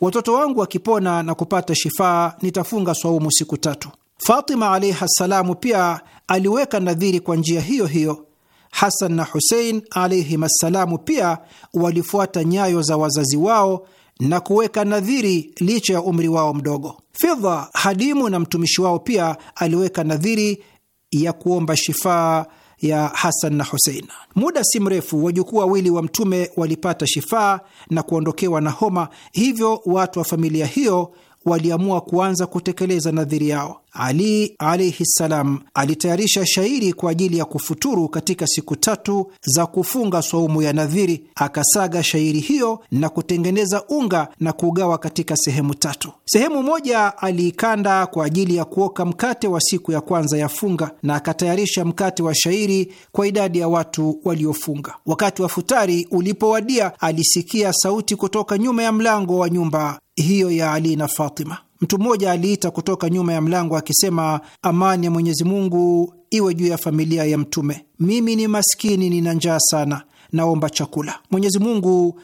watoto wangu wakipona na kupata shifaa, nitafunga swaumu siku tatu. Fatima alaihi ssalamu pia aliweka nadhiri kwa njia hiyo hiyo. Hasan na Husein alaihim assalamu pia walifuata nyayo za wazazi wao na kuweka nadhiri licha ya umri wao mdogo. Fidha, hadimu na mtumishi wao, pia aliweka nadhiri ya kuomba shifaa ya Hasan na Husein. Muda si mrefu, wajukuu wawili wa Mtume walipata shifaa na kuondokewa na homa, hivyo watu wa familia hiyo waliamua kuanza kutekeleza nadhiri yao. Ali alaihi ssalam alitayarisha shairi kwa ajili ya kufuturu katika siku tatu za kufunga swaumu ya Nadhiri. Akasaga shairi hiyo na kutengeneza unga na kugawa katika sehemu tatu. Sehemu moja aliikanda kwa ajili ya kuoka mkate wa siku ya kwanza ya funga, na akatayarisha mkate wa shairi kwa idadi ya watu waliofunga. Wakati wa futari ulipowadia, alisikia sauti kutoka nyuma ya mlango wa nyumba hiyo ya Ali na Fatima. Mtu mmoja aliita kutoka nyuma ya mlango akisema, amani ya Mwenyezi Mungu iwe juu ya familia ya Mtume, mimi ni maskini, nina njaa sana, naomba chakula. Mwenyezi Mungu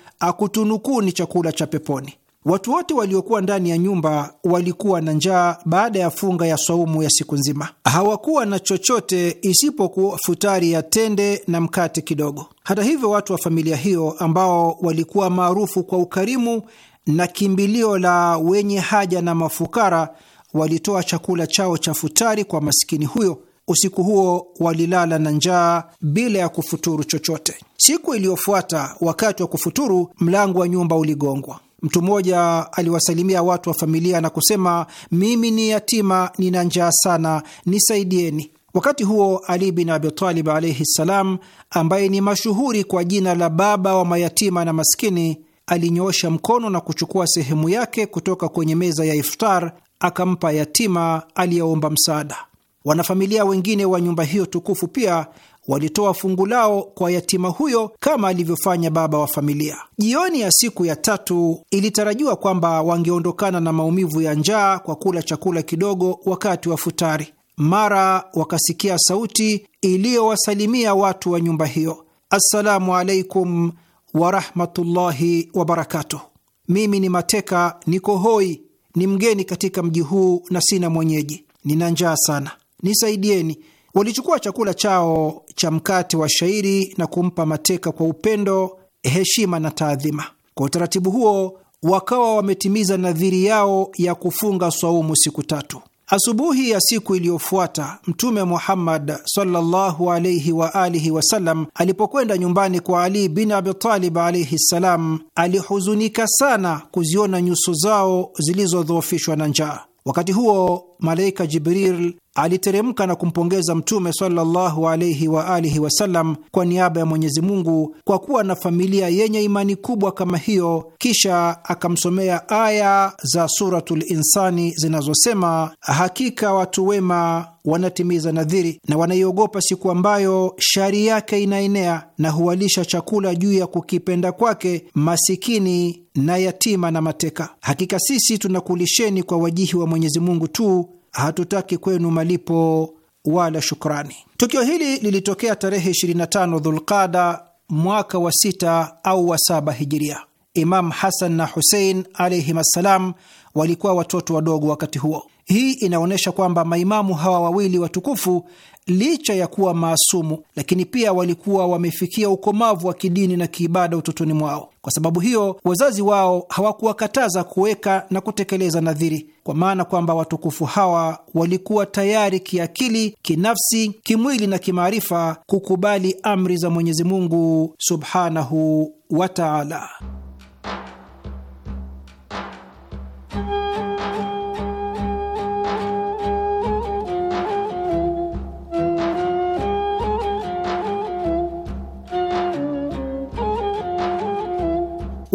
ni chakula cha peponi. Watu wote waliokuwa ndani ya nyumba walikuwa na njaa baada ya funga ya swaumu ya siku nzima. Hawakuwa na chochote isipokuwa futari ya tende na mkate kidogo. Hata hivyo, watu wa familia hiyo ambao walikuwa maarufu kwa ukarimu na kimbilio la wenye haja na mafukara, walitoa chakula chao cha futari kwa masikini huyo. Usiku huo walilala na njaa bila ya kufuturu chochote. Siku iliyofuata, wakati wa kufuturu, mlango wa nyumba uligongwa. Mtu mmoja aliwasalimia watu wa familia na kusema, mimi ni yatima, nina njaa sana, nisaidieni. Wakati huo Ali bin Abitalib alaihi ssalam, ambaye ni mashuhuri kwa jina la baba wa mayatima na maskini, alinyoosha mkono na kuchukua sehemu yake kutoka kwenye meza ya iftar akampa yatima aliyeomba msaada. Wanafamilia wengine wa nyumba hiyo tukufu pia walitoa fungu lao kwa yatima huyo kama alivyofanya baba wa familia. Jioni ya siku ya tatu ilitarajiwa kwamba wangeondokana na maumivu ya njaa kwa kula chakula kidogo wakati wa futari. Mara wakasikia sauti iliyowasalimia watu wa nyumba hiyo, assalamu alaikum warahmatullahi wabarakatuh. Mimi ni mateka, niko hoi, ni mgeni katika mji huu na sina mwenyeji, nina njaa sana, nisaidieni. Walichukua chakula chao cha mkate wa shairi na kumpa mateka kwa upendo, heshima na taadhima. Kwa utaratibu huo, wakawa wametimiza nadhiri yao ya kufunga swaumu siku tatu. Asubuhi ya siku iliyofuata Mtume Muhammad sallallahu alaihi wa alihi wasallam alipokwenda nyumbani kwa Ali bin Abitalib alaihi ssalam, alihuzunika sana kuziona nyuso zao zilizodhoofishwa na njaa. Wakati huo malaika Jibril aliteremka na kumpongeza Mtume sallallahu alaihi wa alihi wasallam kwa niaba ya Mwenyezi Mungu kwa kuwa na familia yenye imani kubwa kama hiyo, kisha akamsomea aya za Suratul Insani zinazosema, hakika watu wema wanatimiza nadhiri na wanaiogopa siku ambayo shari yake inaenea, na huwalisha chakula juu ya kukipenda kwake masikini na yatima na mateka. Hakika sisi tunakulisheni kwa wajihi wa Mwenyezi Mungu tu hatutaki kwenu malipo wala shukrani. Tukio hili lilitokea tarehe 25 Dhulqada mwaka wa sita au wa saba hijiria. Imam Hasan na Husein alaihim assalam walikuwa watoto wadogo wakati huo. Hii inaonyesha kwamba maimamu hawa wawili watukufu licha ya kuwa maasumu, lakini pia walikuwa wamefikia ukomavu wa kidini na kiibada utotoni mwao. Kwa sababu hiyo, wazazi wao hawakuwakataza kuweka na kutekeleza nadhiri, kwa maana kwamba watukufu hawa walikuwa tayari kiakili, kinafsi, kimwili na kimaarifa kukubali amri za Mwenyezi Mungu subhanahu wa taala.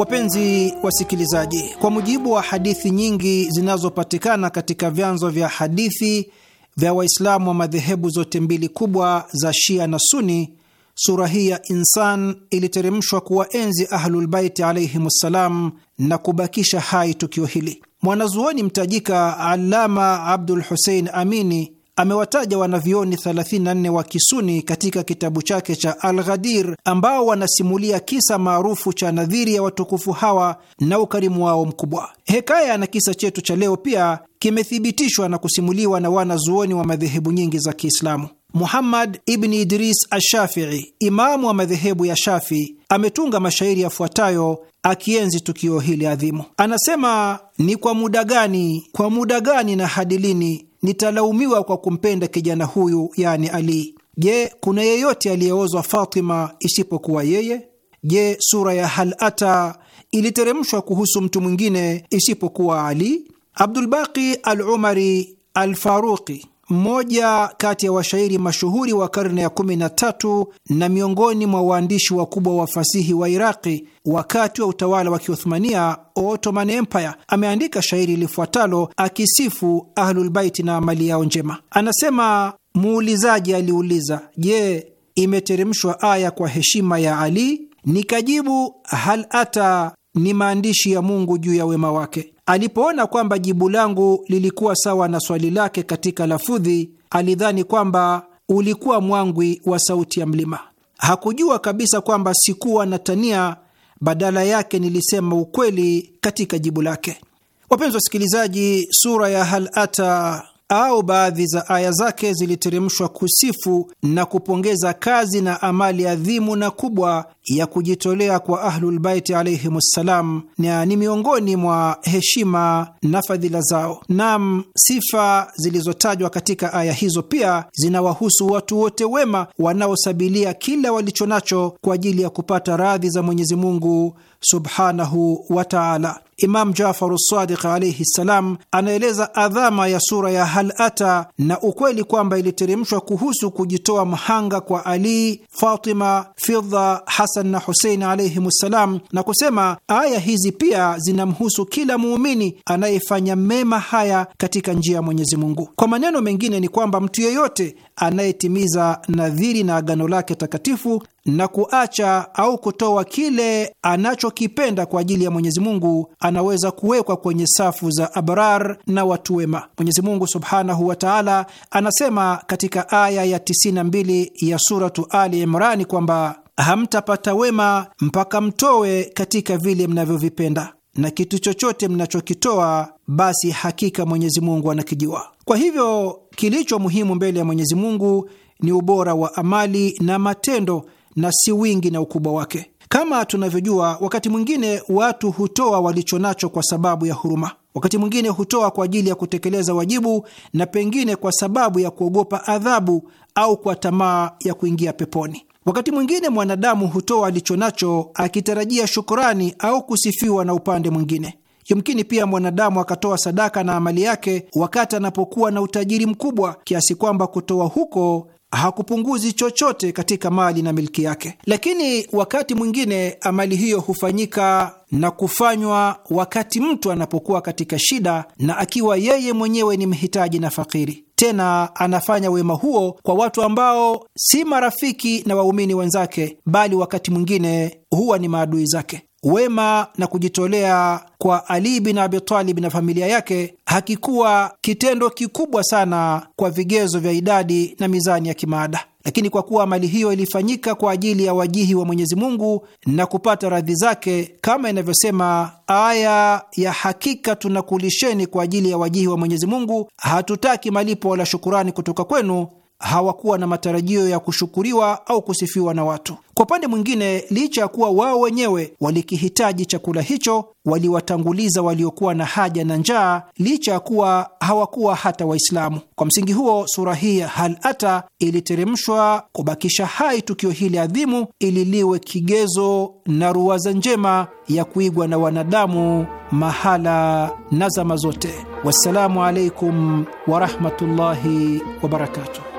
Wapenzi wasikilizaji, kwa mujibu wa hadithi nyingi zinazopatikana katika vyanzo vya hadithi vya Waislamu wa madhehebu zote mbili kubwa za Shia na Suni, sura hii ya Insan iliteremshwa kuwaenzi Ahlulbaiti ssalam na kubakisha hai tukio hili. Mwanazuoni mtajika alama Abdul Husein Amini amewataja wanavyoni 34 wa Kisuni katika kitabu chake cha Al-Ghadir ambao wanasimulia kisa maarufu cha nadhiri ya watukufu hawa na ukarimu wao mkubwa. Hekaya na kisa chetu cha leo pia kimethibitishwa na kusimuliwa na wanazuoni wa madhehebu nyingi za Kiislamu. Muhammad ibn Idris Ashafii, imamu wa madhehebu ya shafi ametunga mashairi yafuatayo akienzi tukio hili adhimu. Anasema: ni kwa muda gani, kwa muda gani na hadi lini nitalaumiwa kwa kumpenda kijana huyu, yani Ali? Je, kuna yeyote aliyeozwa Fatima isipokuwa yeye? Je, sura ya hal ata iliteremshwa kuhusu mtu mwingine isipokuwa Ali? Abdulbaqi al Umari Faruqi mmoja kati ya washairi mashuhuri wa karne ya 13 na miongoni mwa waandishi wakubwa wa fasihi wa Iraqi wakati wa utawala wa Kiothmania, Ottoman Empire, ameandika shairi lifuatalo akisifu Ahlulbaiti na amali yao njema. Anasema, muulizaji aliuliza, je, imeteremshwa aya kwa heshima ya Ali? Nikajibu, hal ata, ni maandishi ya Mungu juu ya wema wake Alipoona kwamba jibu langu lilikuwa sawa na swali lake katika lafudhi, alidhani kwamba ulikuwa mwangwi wa sauti ya mlima. Hakujua kabisa kwamba sikuwa na tania, badala yake nilisema ukweli katika jibu lake. Wapenzi wasikilizaji, sura ya Hal ata au baadhi za aya zake ziliteremshwa kusifu na kupongeza kazi na amali adhimu na kubwa ya kujitolea kwa Ahlulbaiti alaihimssalam, na ni miongoni mwa heshima na fadhila zao. Nam, sifa zilizotajwa katika aya hizo pia zinawahusu watu wote wema wanaosabilia kila walicho nacho kwa ajili ya kupata radhi za Mwenyezi Mungu subhanahu wataala. Imam Jafaru Sadiq alaihi ssalam anaeleza adhama ya sura ya Hal Ata na ukweli kwamba iliteremshwa kuhusu kujitoa mhanga kwa Ali, Fatima, Fidha, Hasan na Husein alaihim ssalam, na kusema aya hizi pia zinamhusu kila muumini anayefanya mema haya katika njia ya Mwenyezi Mungu. Kwa maneno mengine ni kwamba mtu yeyote anayetimiza nadhiri na agano lake takatifu na kuacha au kutoa kile anachokipenda kwa ajili ya Mwenyezi Mungu anaweza kuwekwa kwenye safu za abrar na watu wema. Mwenyezi Mungu subhanahu wa taala anasema katika aya ya 92 ya Suratu Ali Imrani kwamba hamtapata wema mpaka mtowe katika vile mnavyovipenda na kitu chochote mnachokitoa basi hakika Mwenyezi Mungu anakijua. Kwa hivyo kilicho muhimu mbele ya Mwenyezi Mungu ni ubora wa amali na matendo na si wingi na ukubwa wake. Kama tunavyojua, wakati mwingine watu hutoa walichonacho kwa sababu ya huruma, wakati mwingine hutoa kwa ajili ya kutekeleza wajibu, na pengine kwa sababu ya kuogopa adhabu au kwa tamaa ya kuingia peponi. Wakati mwingine mwanadamu hutoa nacho akitarajia shukurani au kusifiwa na upande mwingine. Yumkini pia mwanadamu akatoa sadaka na amali yake wakati anapokuwa na utajiri mkubwa kiasi kwamba kutoa huko hakupunguzi chochote katika mali na milki yake. Lakini wakati mwingine amali hiyo hufanyika na kufanywa wakati mtu anapokuwa katika shida na akiwa yeye mwenyewe ni mhitaji na fakiri. Tena anafanya wema huo kwa watu ambao si marafiki na waumini wenzake, bali wakati mwingine huwa ni maadui zake wema na kujitolea kwa Ali bin Abi Talib na familia yake hakikuwa kitendo kikubwa sana kwa vigezo vya idadi na mizani ya kimaada, lakini kwa kuwa mali hiyo ilifanyika kwa ajili ya wajihi wa Mwenyezi Mungu na kupata radhi zake, kama inavyosema aya ya hakika tunakulisheni kwa ajili ya wajihi wa Mwenyezi Mungu, hatutaki malipo wala shukurani kutoka kwenu hawakuwa na matarajio ya kushukuriwa au kusifiwa na watu. Kwa upande mwingine, licha ya kuwa wao wenyewe walikihitaji chakula hicho, waliwatanguliza waliokuwa na haja na njaa, licha ya kuwa hawakuwa hata Waislamu. Kwa msingi huo, sura hii ya Hal Ata iliteremshwa kubakisha hai tukio hili adhimu ili liwe kigezo na ruwaza njema ya kuigwa na wanadamu mahala na zama zote. Wassalamu alaikum warahmatullahi wabarakatuh.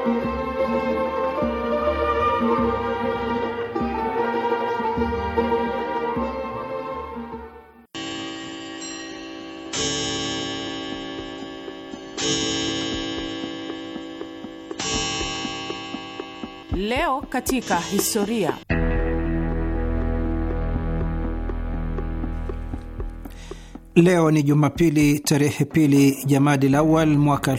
Leo katika historia. Leo ni Jumapili, tarehe pili Jamadi Lawal mwaka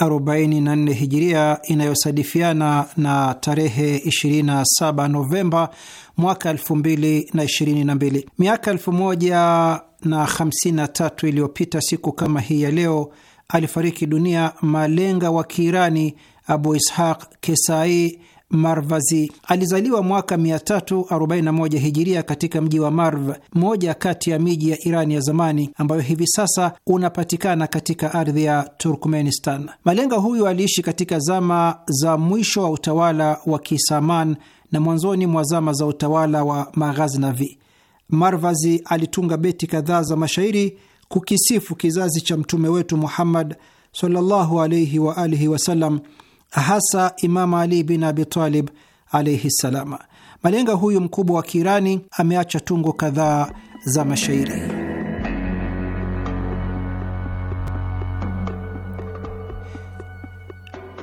44 hijiria inayosadifiana na tarehe 27 Novemba mwaka 2022. Miaka 1053 iliyopita, siku kama hii ya leo, alifariki dunia malenga wa Kiirani Abu Ishaq Kesai Marvazi. Alizaliwa mwaka 341 hijiria katika mji wa Marv, moja kati ya miji ya Irani ya zamani ambayo hivi sasa unapatikana katika ardhi ya Turkmenistan. Malenga huyu aliishi katika zama za mwisho wa utawala wa Kisaman na mwanzoni mwa zama za utawala wa Maghaznavi. Marvazi alitunga beti kadhaa za mashairi kukisifu kizazi cha mtume wetu Muhammad sallallahu alaihi wa alihi wasallam hasa Imamu Ali bin Abitalib alaihi ssalama. Malenga huyu mkubwa wa Kiirani ameacha tungo kadhaa za mashairi.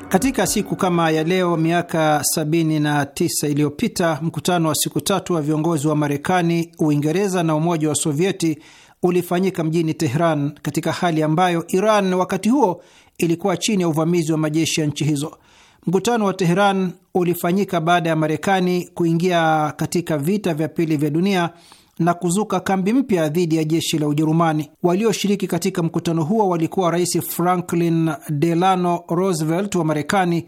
Katika siku kama ya leo miaka 79 iliyopita mkutano wa siku tatu wa viongozi wa Marekani, Uingereza na Umoja wa Sovieti ulifanyika mjini Tehran katika hali ambayo Iran wakati huo ilikuwa chini ya uvamizi wa majeshi ya nchi hizo. Mkutano wa Teheran ulifanyika baada ya Marekani kuingia katika vita vya pili vya dunia na kuzuka kambi mpya dhidi ya jeshi la Ujerumani. Walioshiriki katika mkutano huo walikuwa Rais Franklin Delano Roosevelt wa Marekani,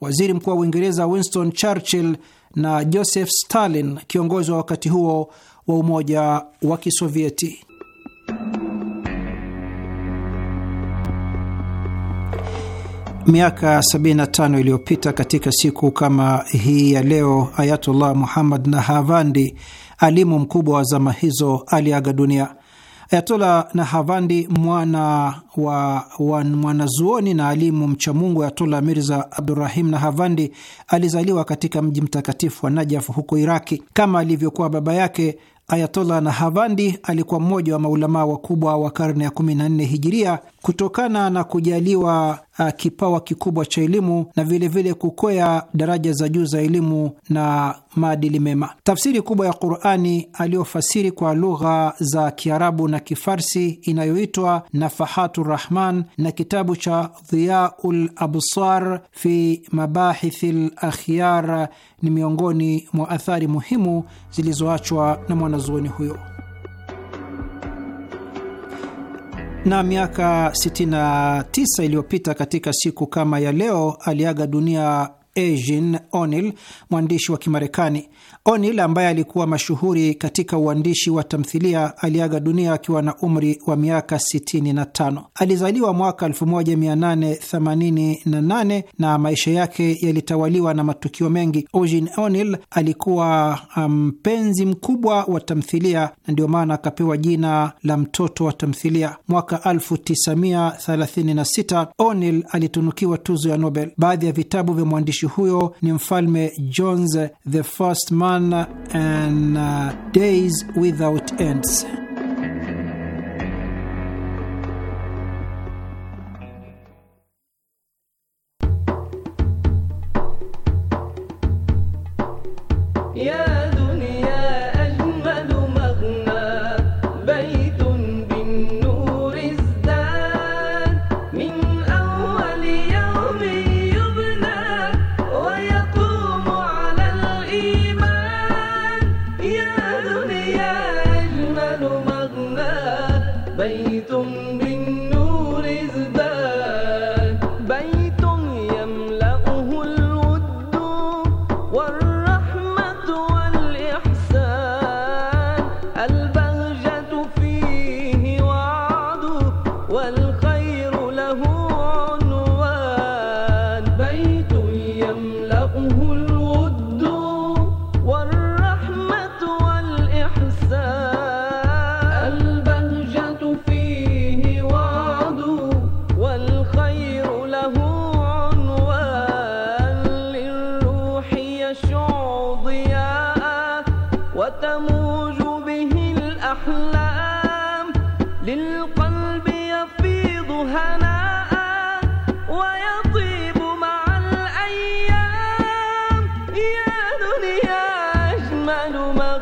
Waziri Mkuu wa Uingereza Winston Churchill na Joseph Stalin, kiongozi wa wakati huo wa Umoja wa Kisovieti. Miaka 75 iliyopita katika siku kama hii ya leo, Ayatullah Muhammad Nahavandi, alimu mkubwa wa zama hizo, aliaga dunia. Ayatullah Nahavandi, mwana wa, wa mwanazuoni na alimu mchamungu Ayatullah Mirza abdurahim Nahavandi, alizaliwa katika mji mtakatifu wa Najaf huko Iraki. Kama alivyokuwa baba yake, Ayatollah Nahavandi alikuwa mmoja wa maulamaa wakubwa wa karne ya 14 hijiria kutokana na kujaliwa uh, kipawa kikubwa cha elimu na vilevile vile kukwea daraja za juu za elimu na maadili mema. Tafsiri kubwa ya Qurani aliyofasiri kwa lugha za Kiarabu na Kifarsi inayoitwa Nafahatu Rahman na kitabu cha Dhiaul Absar fi Mabahithi Lakhyar ni miongoni mwa athari muhimu zilizoachwa na mwanazuoni huyo. Na miaka 69 iliyopita katika siku kama ya leo aliaga dunia Eugene O'Neill, mwandishi wa Kimarekani. O'Neill ambaye alikuwa mashuhuri katika uandishi wa tamthilia aliaga dunia akiwa na umri wa miaka 65. Alizaliwa mwaka 1888 na maisha yake yalitawaliwa na matukio mengi. Eugene O'Neill alikuwa um, mpenzi um, mkubwa wa tamthilia na ndio maana akapewa jina la mtoto wa tamthilia. Mwaka 1936 O'Neill alitunukiwa tuzo ya Nobel. Baadhi ya vitabu vya mwandishi huyo ni Mfalme Jones the First Man one and uh, days without ends. يا أجمل مغنى